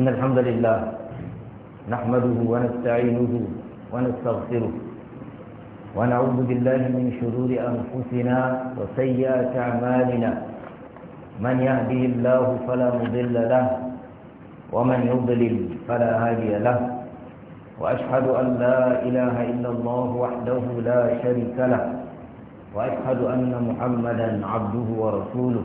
إن الحمد لله نحمده ونستعينه ونستغفره ونعوذ بالله من شرور أنفسنا وسيئات أعمالنا من يهدي الله فلا مضل له ومن يضلل فلا هادي له وأشهد أن لا إله إلا الله وحده لا شريك له وأشهد أن محمدا عبده ورسوله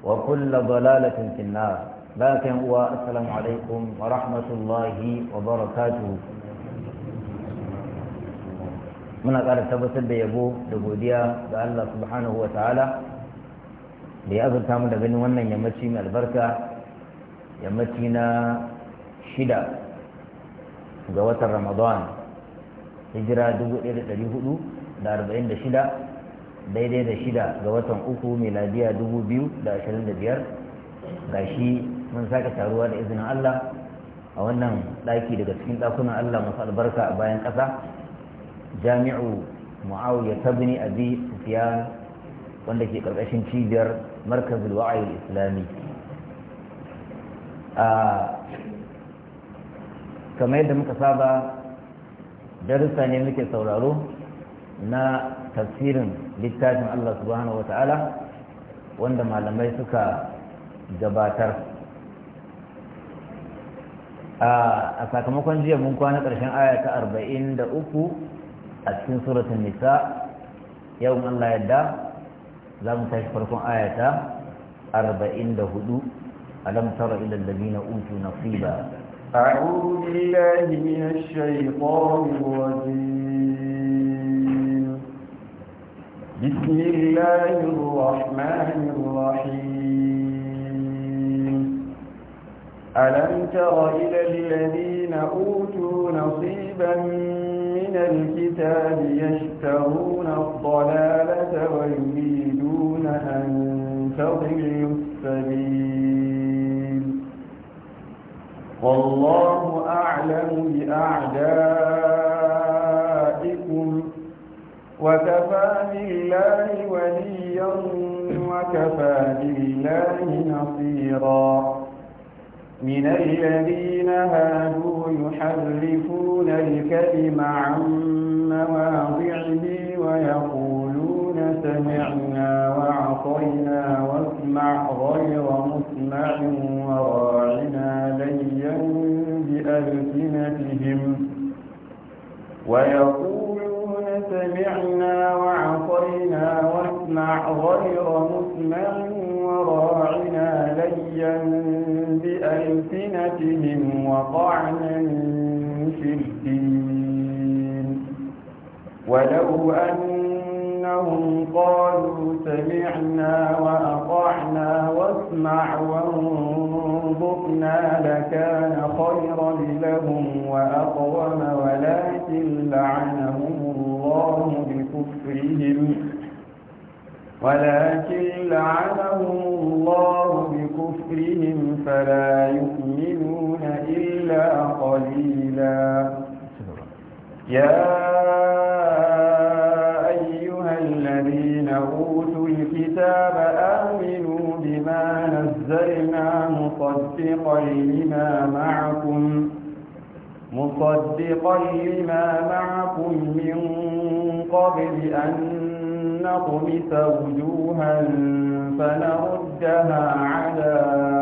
wa وكل ضلالة في النار uwa هو alaikum wa rahmatullahi wa وبركاته muna ƙara tabbatar da yabo da godiya ga Allah subhanahu wa ta'ala da ya azurta mu da ganin wannan yammaci mai albarka yammaci na shida ga watan ramadan hijira 1446 daidai da shida ga watan uku miladiya dubu biyu da ashirin da biyar ga shi mun sake taruwa da izinin Allah a wannan ɗaki daga cikin ɗakunan Allah masu albarka a bayan ƙasa jami'u muawiya tabni abi sufyan wanda ke ƙarƙashin cibiyar markazin wa'ayi islami a kamar yadda muka saba darussa ne muke sauraro na tafsirin littafin Allah subhanahu wa ta'ala wanda malamai suka gabatar a sakamakon jiya mun kwana ƙarshen aya ta arba'in da uku a cikin suratun nisa yau Allah yadda za mu tashi farkon aya ta arba'in da hudu alam tara ila alladhina utu nasiba a'udhu billahi minash shaitanir rajim بسم الله الرحمن الرحيم ألم تر إلى الذين أوتوا نصيبا من الكتاب يشترون الضلالة ويريدون أن تضلوا السبيل والله أعلم بأعدائكم وكفى بالله وليا وكفى بالله نصيرا من الذين هادوا يحرفون الكلم عن مواضعه ويقولون سمعنا وعصينا واسمع غير مسمع وراعنا ليا بألسنتهم ويقولون واسمع غير مسمع وراعنا ليا بألسنتهم وطعنا في الدين ولو أنهم قالوا سمعنا وأطعنا واسمع وانظرنا لكان خيرا لهم وأقوم ولكن لعنهم الله بكفرهم ولكن لعنهم الله بكفرهم فلا يؤمنون إلا قليلا يا أيها الذين أوتوا الكتاب آمنوا بما نزلنا مصدقا لما معكم مصدقا لما معكم من قبل أن نطمس وجوها فنردها على